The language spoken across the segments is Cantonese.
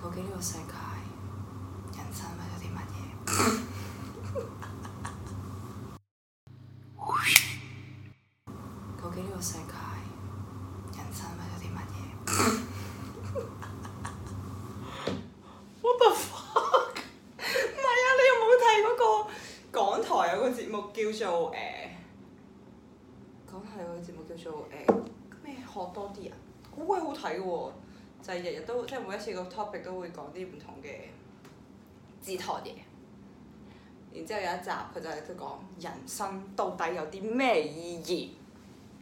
究竟呢個世界人生為咗啲乜嘢？ 究竟呢個世界人生為咗啲乜嘢？我 What the fuck? 不服！唔係啊！你有冇睇嗰個港台有個節目叫做誒？欸、港台有個節目叫做誒咩？欸、 學多啲 啊！好鬼好睇嘅喎～就係日日都，即係每一次個 topic 都會講啲唔同嘅哲學嘢。然之後有一集佢就係都講人生到底有啲咩意義。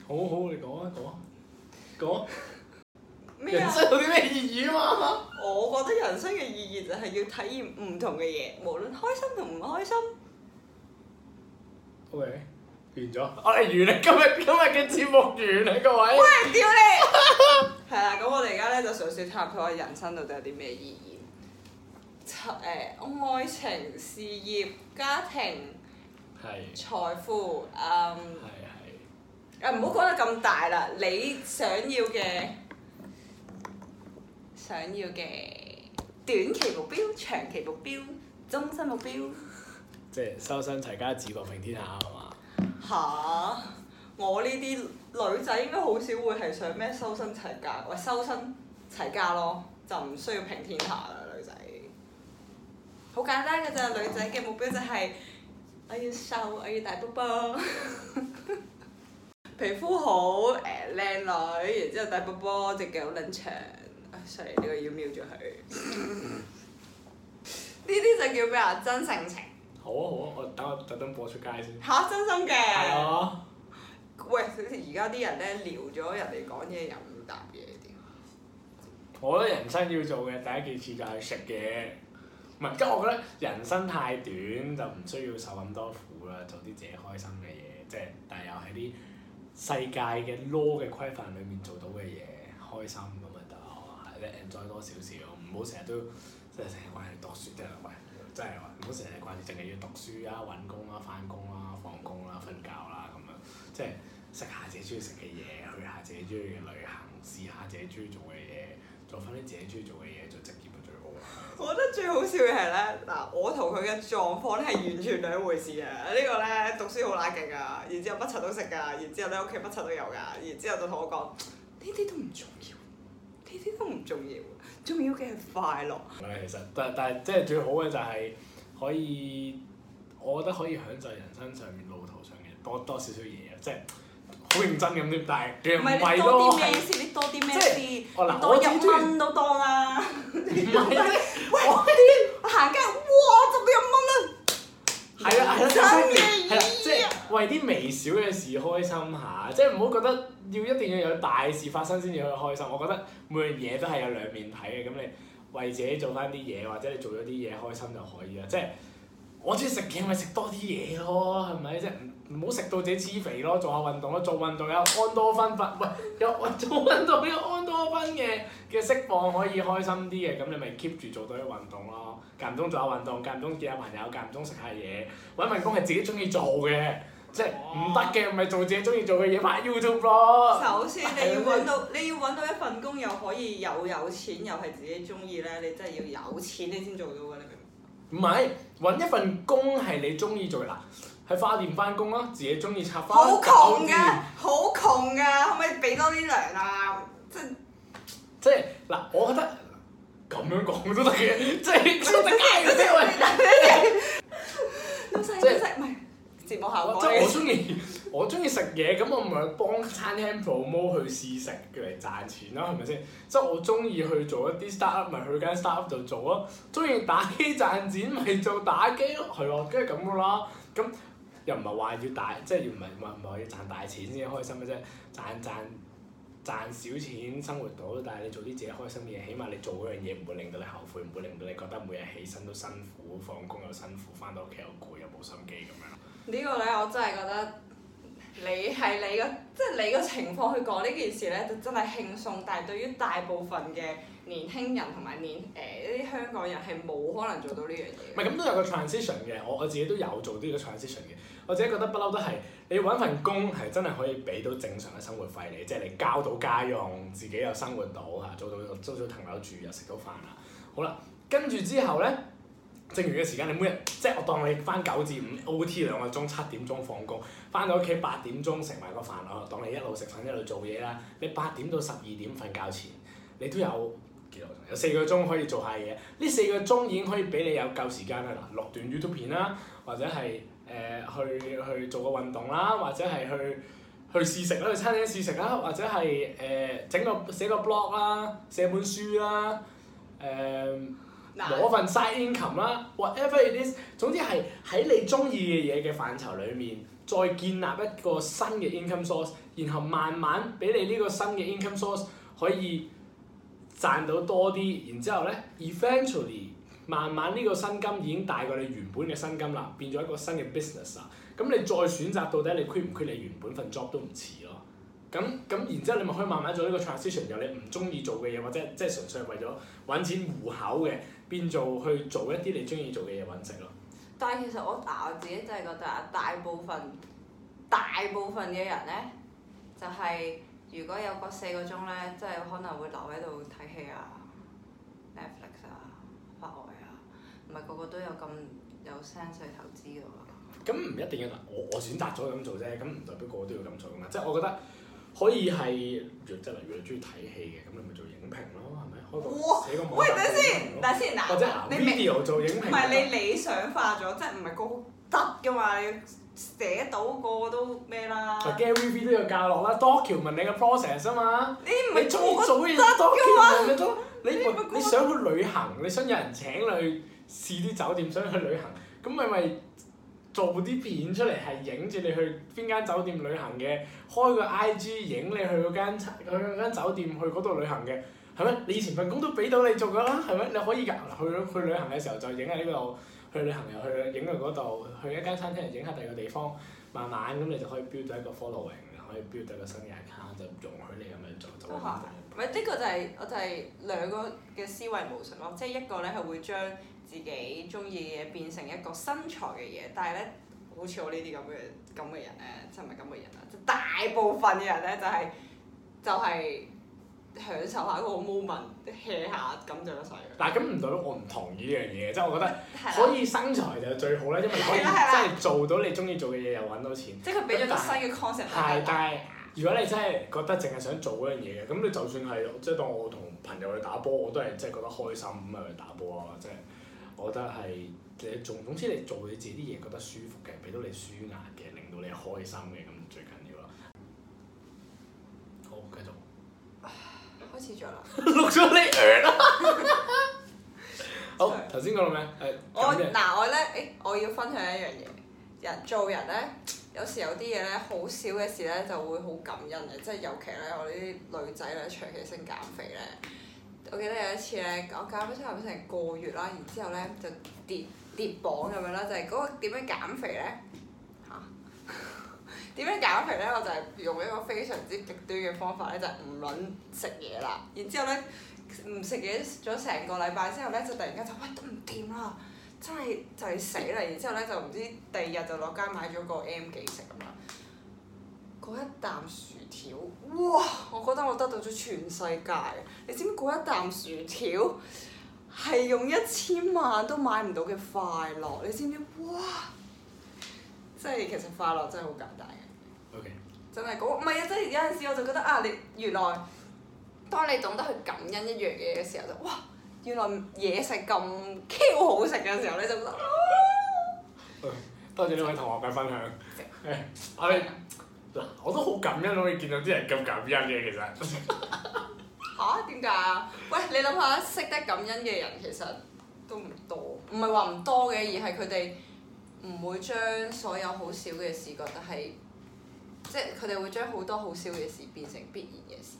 好好，你講啊講啊講。咩啊？ 有啲咩意義啊嘛？ 我覺得人生嘅意義就係要體驗唔同嘅嘢，無論開心同唔開心。O、okay, K，完咗。我哋、 哎、完啦，今日今日嘅節目完啦，各位。 喂，屌你！ 係啦，咁我哋而家咧就嘗試探討人生到底有啲咩意義。誒、呃，愛情、事業、家庭、是財富，誒唔好講得咁大啦，你想要嘅、想要嘅短期目標、長期目標、終身目標，即係修身齊家治國平天下，係嘛？吓？我呢啲女仔應該好少會係想咩修身齊家，喂，修身齊家咯，就唔需要平天下啦，女仔。好簡單嘅咋，女仔嘅目標就係我要瘦，我要大波波， 皮膚好，誒、靚女，然之後大波波，隻腳好撚長。哎，雖然呢個要瞄住佢，呢 啲就叫咩啊？真性情。好啊好啊，我等我特登播出街先。嚇，真心嘅。係啊。喂，而家啲人咧聊咗人哋講嘢又唔答嘢，點？我覺得人生要做嘅第一件事就係食嘢。唔係。咁我覺得人生太短，就唔需要受咁多苦啦，做啲自己開心嘅嘢，即係，但係又喺啲世界嘅 law 嘅規範裡面做到嘅嘢，開心咁咪得咯，enjoy 多少少，唔好成日都即係成日掛住讀書啫。唔係，即係話唔好成日掛住，淨係要讀書啦、揾工啦、翻工啦、放工啦、瞓覺啦咁樣，即係。食下自己中意食嘅嘢，去下自己中意嘅旅行，試下自己中意做嘅嘢，做返啲自己中意做嘅嘢，做職業就最好啦。我覺得最好笑嘅係咧，嗱我同佢嘅狀況咧係完全兩回事啊！這個、呢個咧讀書好乸勁啊，然之後乜柒都識噶，然之後咧屋企乜柒都有噶，然之後就同我講呢啲都唔重要，呢啲都唔重要，重要嘅係快樂。其實但但係即係最好嘅就係、是、可以，我覺得可以享受人生上面路途上嘅多多少少嘢即係。好認真咁啲，但係唔係咯？即係，我嗱，我一蚊都當啦。但係是， 喂啲行街，哇，執到一蚊啦！係啊係啊，真嘅。即係為啲微小嘅事開心下，即係唔好覺得要一定要有大事發生先至可以開心。我覺得每樣嘢都係有兩面睇嘅，咁你為自己做翻啲嘢，或者你做咗啲嘢開心就可以啦。即係我中意食嘢，咪食多啲嘢咯，係咪即係？唔好食到自己黐肥咯，做下運動咯，做運動有安多酚發，喂，有做運動有安多酚嘅嘅釋放可以開心啲嘅，咁你咪 keep 住做多啲運動咯，間唔中做下運動，間唔中見下朋友，間唔中食下嘢，揾份工係自己中意做嘅，哦、即係唔得嘅咪做自己中意做嘅嘢拍 YouTube。You 咯，首先你要揾到你要揾到一份工又可以又有錢又係自己中意咧，你真係要有錢你先做到嘅，你明唔明？唔係揾一份工係你中意做嗱。喺花店返工咯，自己中意插花，言好窮噶，好窮噶，可唔可以俾多啲糧啊？即係即係嗱，我覺得咁樣講都得嘅，即係即係啱嘅。老細，老細唔係節目效果。即係、就是、我中意我中意食嘢，咁我咪幫餐廳 promote 去試食嚟賺錢咯，係咪先？即係我中意去做一啲 startup，咪去間 startup 就做咯。中意打機賺錢，咪做打機咯，係喎、啊，跟住咁噶啦，咁。 又唔係話要大，即係要唔係唔係唔係要賺大錢先開心嘅啫，賺賺賺少錢生活到，但係你做啲自己開心嘅嘢，起碼你做嗰樣嘢唔會令到你後悔，唔會令到你覺得每日起身都辛苦，放工又辛苦，翻到屋企又攰又冇心機咁樣。個呢個咧，我真係覺得你係你嘅即係你個情況去講呢件事咧，就真係輕鬆。但係對於大部分嘅年輕人同埋年誒呢啲香港人係冇可能做到呢樣嘢。唔係咁都有個 transition 嘅，我我自己都有做呢個 transition 嘅。我自己覺得不嬲都係，你揾份工係真係可以俾到正常嘅生活費你，即係你交到家用，自己又生活到嚇，做到有租到樓住又食到飯啦。好啦，跟住之後咧，剩餘嘅時間，你每日即係我當你返九至五，O.T. 兩個鐘，七點鐘放工，返到屋企八點鐘食埋個飯，我當你一路食飯一路做嘢啦。你八點到十二點瞓覺前，你都有幾多鐘？有四個鐘可以做下嘢，呢四個鐘已經可以俾你有夠時間啦。嗱，錄段 YouTube 片啦，或者係～誒、呃、去去做個運動啦，或者係去去試食啦，去餐廳試食啦，或者係誒、呃、整個寫個 blog 啦，寫本書啦，誒、呃，攞份 side income 啦，whatever it is，總之係喺你中意嘅嘢嘅範疇裏面，再建立一個新嘅 income source，然後慢慢俾你呢個新嘅 income source 可以賺到多啲，然之後咧 eventually。慢慢呢個薪金已經大過你原本嘅薪金啦，變咗一個新嘅 business 啦。咁你再選擇到底你 quit 唔 quit 你原本份 job 都唔遲咯。咁咁然之後你咪可以慢慢做呢個 transition，由你唔中意做嘅嘢或者即係、就是、純粹係為咗揾錢糊口嘅，變做去做一啲你中意做嘅嘢揾食咯。但係其實我嗱我自己真係覺得大部分大部分嘅人咧，就係、是、如果有嗰四個鐘咧，即、就、係、是、可能會留喺度睇戲啊。唔係個個都有咁有 sense 去投資嘅喎，咁唔一定要嗱，我我選擇咗咁做啫，咁唔代表個個都要咁做嘅。即係我覺得可以係，若真係越嚟越中意睇戲嘅，咁你咪做影評咯，係咪？哇！喂，等先，等先，嗱，或者 video 做影評，唔係你理想化咗，即係唔係個個得嘅嘛？你寫到個個都咩啦？Gary Vee 都有教落啦，document 你嘅 process 啊嘛，你做做嘢 document 嘅都，你你想去旅行，你想有人請你。試啲酒店想去旅行，咁咪咪做啲片出嚟係影住你去邊間酒店旅行嘅，開個 IG 影你去嗰間去嗰間酒店去嗰度旅行嘅，係咩？你以前份工都俾到你做噶啦，係咪？你可以㗎，去去旅行嘅時候就影喺呢度，去旅行，這個、去旅行又去影去嗰度，去一間餐廳影下第二個地方，慢慢咁你就可以標咗一個 following，又可以標到一個新嘅 account，就容許你咁樣做就。都唔係？呢、這個就係、是、我就係兩個嘅思維模式咯，即、就、係、是、一個咧係會將。自己中意嘅嘢變成一個身材嘅嘢，但係咧，好似我這這呢啲咁嘅咁嘅人咧，即係唔係咁嘅人啦，就大部分嘅人咧就係、是、就係、是、享受下一個 moment，hea 下咁就得晒。嗱咁唔對咯，我唔同意呢樣嘢，即係我覺得，所以身材就最好咧，因為可以即係做到你中意做嘅嘢又揾到錢。 即係佢俾咗個新嘅 concept。係但，但係的的如果你真係覺得淨係想做嗰樣嘢嘅，咁你 就算係即係當我同朋友去打波，我都係即係覺得開心咁啊去打波啊，即係。我覺得係你總總之你做你自己啲嘢覺得舒服嘅，俾到你舒壓嘅，令到你開心嘅，咁最緊要啦。好，繼續。開始咗啦。 錄咗你完啦。好，頭先講到咩？我嗱我咧，誒、欸，我要分享一樣嘢。人做人咧，有時有啲嘢咧，好少嘅事咧，就會好感恩嘅。即係尤其咧，我呢啲女仔咧，長期性減肥咧。我記得有一次咧，我減咗差唔多成個月啦，然之後咧就跌跌榜咁樣啦，就係、是、嗰個點樣減肥咧嚇？點樣減肥咧？我就係用一個非常之極端嘅方法咧，就係唔准食嘢啦。然後呢之後咧唔食嘢咗成個禮拜之後咧，就突然間就餵都唔掂啦，真係就係死啦。然之後咧就唔知第二日就落街買咗個 M 記食。嗰一啖薯條，哇！我覺得我得到咗全世界啊！你知唔知嗰一啖薯條係用一千萬都買唔到嘅快樂？你知唔知？哇！即係其實快樂真係好簡單嘅。OK，嗰個。真係唔係啊！真係有陣時我就覺得啊，你原來當你懂得去感恩一樣嘢嘅時候，就哇！原來嘢食咁超好食嘅時候你就覺得。啊 Okay. 多謝呢位同學嘅分享。阿嗱，我都好感恩可以見到啲人咁感恩嘅，其實嚇點解啊？喂，你諗下識得感恩嘅人其實都唔多，唔係話唔多嘅，而係佢哋唔會將所有好少嘅事覺得係即係佢哋會將好多好少嘅事變成必然嘅事，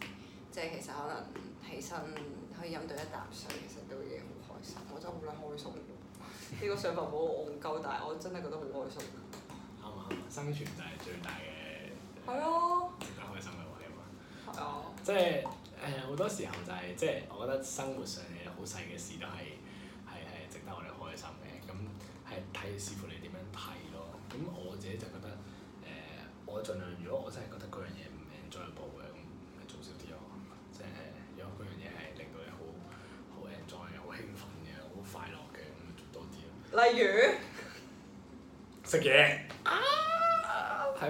即係其實可能起身可以飲到一啖水，其實都已經好開心，我真係好撚開心。呢個想法好戇鳩，但係我真係覺得好開心。啱啊，生存就係最大嘅。係咯，值得開心嘅話啊嘛， 即係誒好多時候就係、係、即係我覺得生活上嘅好細嘅事都係係係值得我哋開心嘅，咁係睇視乎你點樣睇咯。咁我自己就覺得誒、呃，我儘量如果我真係覺得嗰樣嘢唔 enjoy 到嘅，咁咪做少啲咯。即係如果嗰樣嘢係令到你好好 enjoy 又好興奮嘅，好快樂嘅，咁咪做多啲咯。例如食嘢。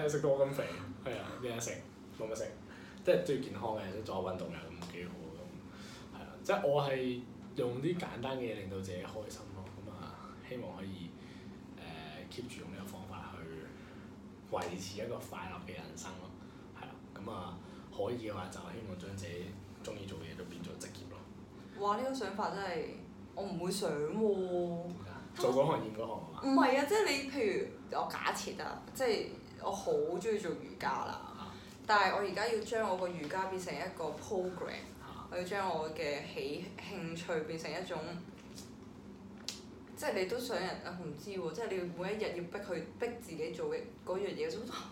誒食到我咁肥，係啊，邊個食？冇乜食，即係最健康嘅，都做下運動嘅咁幾好咁。係啊，即係我係用啲簡單嘅嘢令到自己開心咯。咁啊，希望可以誒 keep 住用呢個方法去維持一個快樂嘅人生咯。係啊，咁啊可以嘅話，就希望將自己中意做嘅嘢都變做職業咯。哇！呢個想法真係我唔會想喎。做嗰行，厭嗰行啊嘛。唔係啊，即係你譬如我假設啊，即係。我好中意做瑜伽啦，但係我而家要將我個瑜伽變成一個 program，me，我要將我嘅喜興趣變成一種，即係你都想人啊唔知喎，啊，即係你每一日要逼佢逼自己做嘅嗰樣嘢，都、啊、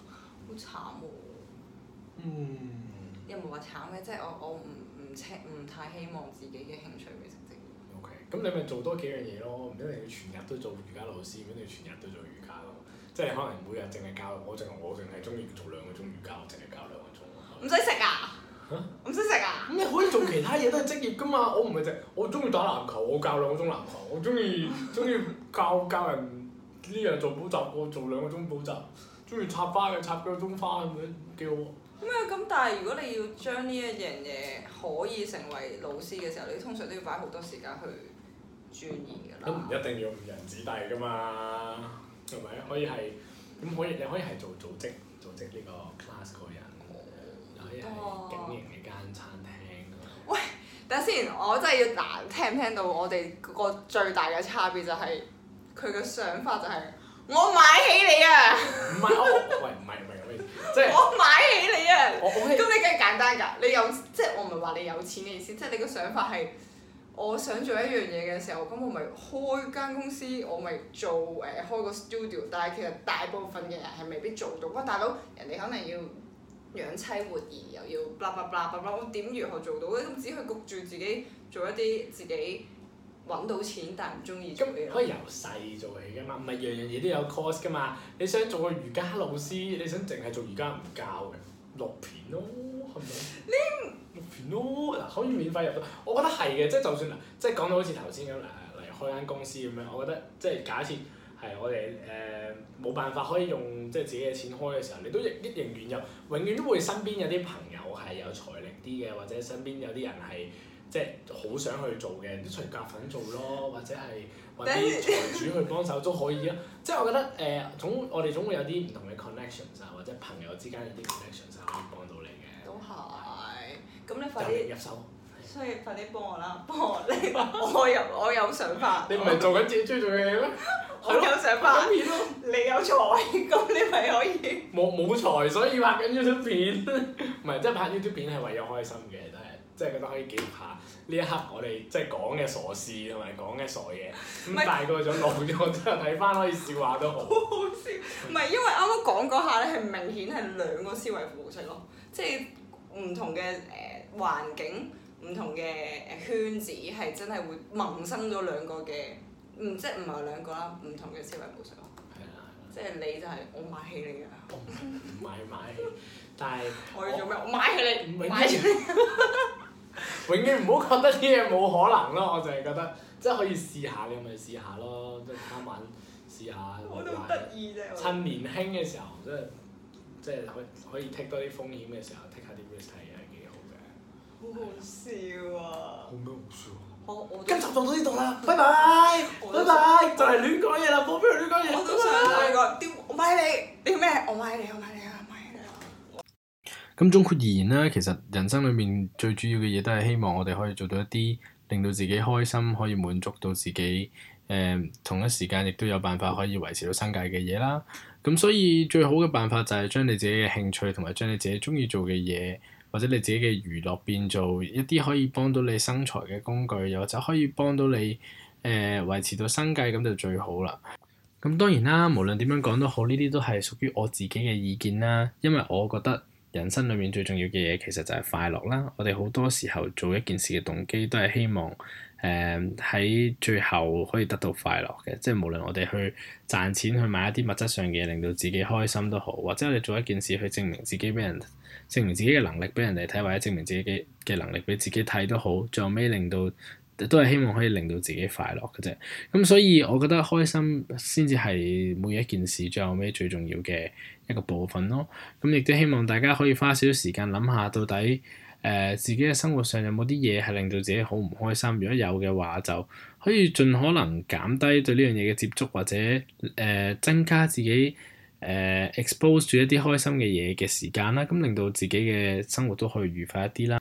好慘喎，啊。嗯。有冇話慘嘅？即係我我唔唔唔太希望自己嘅興趣變成職業。OK，咁你咪做多幾樣嘢咯，唔一定要全日都做瑜伽老師，唔一定要全日都做瑜伽咯。即係可能每日淨係教，我淨係我淨係中意做兩個鐘要教，我淨係教兩個鐘唔使食啊！嚇！唔使食啊！咁你可以做其他嘢都係職業噶嘛， 我唔係淨，我中意打籃球，我教兩個鐘籃球，我中意中意教教人呢樣做補習，我做兩個鐘補習，中意插花嘅插幾個鐘花咁樣幾好。咁咁、嗯，但係如果你要將呢一樣嘢可以成為老師嘅時候，你通常都要擺好多時間去專業㗎啦。都唔一定要誤人子弟㗎嘛～係咪？可以係咁，可以你可以係做組織，組織呢個 class 個人，哦、可以係經營一間餐廳。喂，等先，我真係要嗱，聽唔聽到？我哋個最大嘅差別就係佢嘅想法就係、是、我買起你啊！唔係，哦、 喂，唔係唔係咁嘅意思，我買起你啊！咁你梗係簡單㗎，你有，即係我唔係話你有錢嘅意思，即係你個想法係。我想做一樣嘢嘅時候，咁我咪開間公司，我咪做誒、呃、開個 studio。但係其實大部分嘅人係未必做到。哇大佬，人哋可能要養妻活兒，又要 bla bla bla bla，我點如何做到咧？咁只可以焗住自己做一啲自己揾到錢，但唔中意做。咁可以由細做起㗎嘛？唔係樣樣嘢都有 cost 㗎嘛？你想做個瑜伽老師，你想淨係做瑜伽唔教嘅？六片咯，係咪？你六片咯，嗱可以免費入到。我覺得係嘅，即係就算，即係講到好似頭先咁，嗱，例如開間公司咁樣，我覺得即係假設係我哋誒冇辦法可以用即係自己嘅錢開嘅時候，你都一仍然有，永遠都會身邊有啲朋友係有財力啲嘅，或者身邊有啲人係。即係好想去做嘅，都隨夾份做咯，或者係揾啲財主去幫手都可以咯，啊。 即係我覺得誒、呃，總我哋總會有啲唔同嘅 connections 啊，或者朋友之間有啲 connections，啊，可以幫到你嘅。都係，咁你快啲入手，所以快啲幫我啦，幫我你，我有我有想法。你唔係做緊自己最中意嘅嘢咩？我有想法。 你，你有財，咁你咪可以。冇冇財，所以拍緊 YouTube 片。唔係，即係拍 YouTube 片係為咗開心嘅。即係覺得可以記錄下呢一刻我哋即係講嘅傻事同埋講嘅傻嘢，咁大個咗老咗，我真係睇翻可以笑下都好。好好笑！唔係因為啱啱講嗰下咧，係明顯係兩個思維模式咯，即係唔同嘅誒環境、唔同嘅誒圈子係真係會萌生咗兩個嘅唔即係唔係兩個啦，唔同嘅思維模式咯。係啦。即係你就係我買戲嚟嘅，唔唔買買，但係我要做咩？我買佢哋買佢哋。永遠唔好覺得呢嘢冇可能咯，我就係覺得，即係可以試下，你咪試下咯，即係今晚試下。我都好得意啫，趁年輕嘅時候，即係即係可可以 take 多啲風險嘅時候，take 下啲 risk 係嘅，係幾好嘅。好好笑啊！好咩？好笑啊！好，今集就到到呢度啦，拜拜，拜拜，就係亂講嘢啦，冇畀佢亂講嘢。我都想亂講，我唔係你，你，你咩？我唔係你，我唔係。咁總括而言咧，其實人生裏面最主要嘅嘢都係希望我哋可以做到一啲令到自己開心，可以滿足到自己。誒、呃、同一時間亦都有辦法可以維持到生計嘅嘢啦。咁所以最好嘅辦法就係將你自己嘅興趣同埋將你自己中意做嘅嘢，或者你自己嘅娛樂變做一啲可以幫到你生財嘅工具，又或者可以幫到你誒、呃、維持到生計，咁就最好啦。咁當然啦，無論點樣講都好，呢啲都係屬於我自己嘅意見啦，因為我覺得。人生裏面最重要嘅嘢其實就係快樂啦！我哋好多時候做一件事嘅動機都係希望，誒、呃、喺最後可以得到快樂嘅，即係無論我哋去賺錢去買一啲物質上嘅嘢令到自己開心都好，或者我哋做一件事去證明自己俾人，證明自己嘅能力俾人哋睇，或者證明自己嘅嘅能力俾自己睇都好，最後尾令到。都係希望可以令到自己快樂嘅啫，咁所以我覺得開心先至係每一件事最後尾最重要嘅一個部分咯。咁亦都希望大家可以花少少時間諗下，到底誒、呃、自己嘅生活上有冇啲嘢係令到自己好唔開心？如果有嘅話，就可以盡可能減低對呢樣嘢嘅接觸，或者誒、呃、增加自己誒、呃、expose 住一啲開心嘅嘢嘅時間啦。咁令到自己嘅生活都可以愉快一啲啦。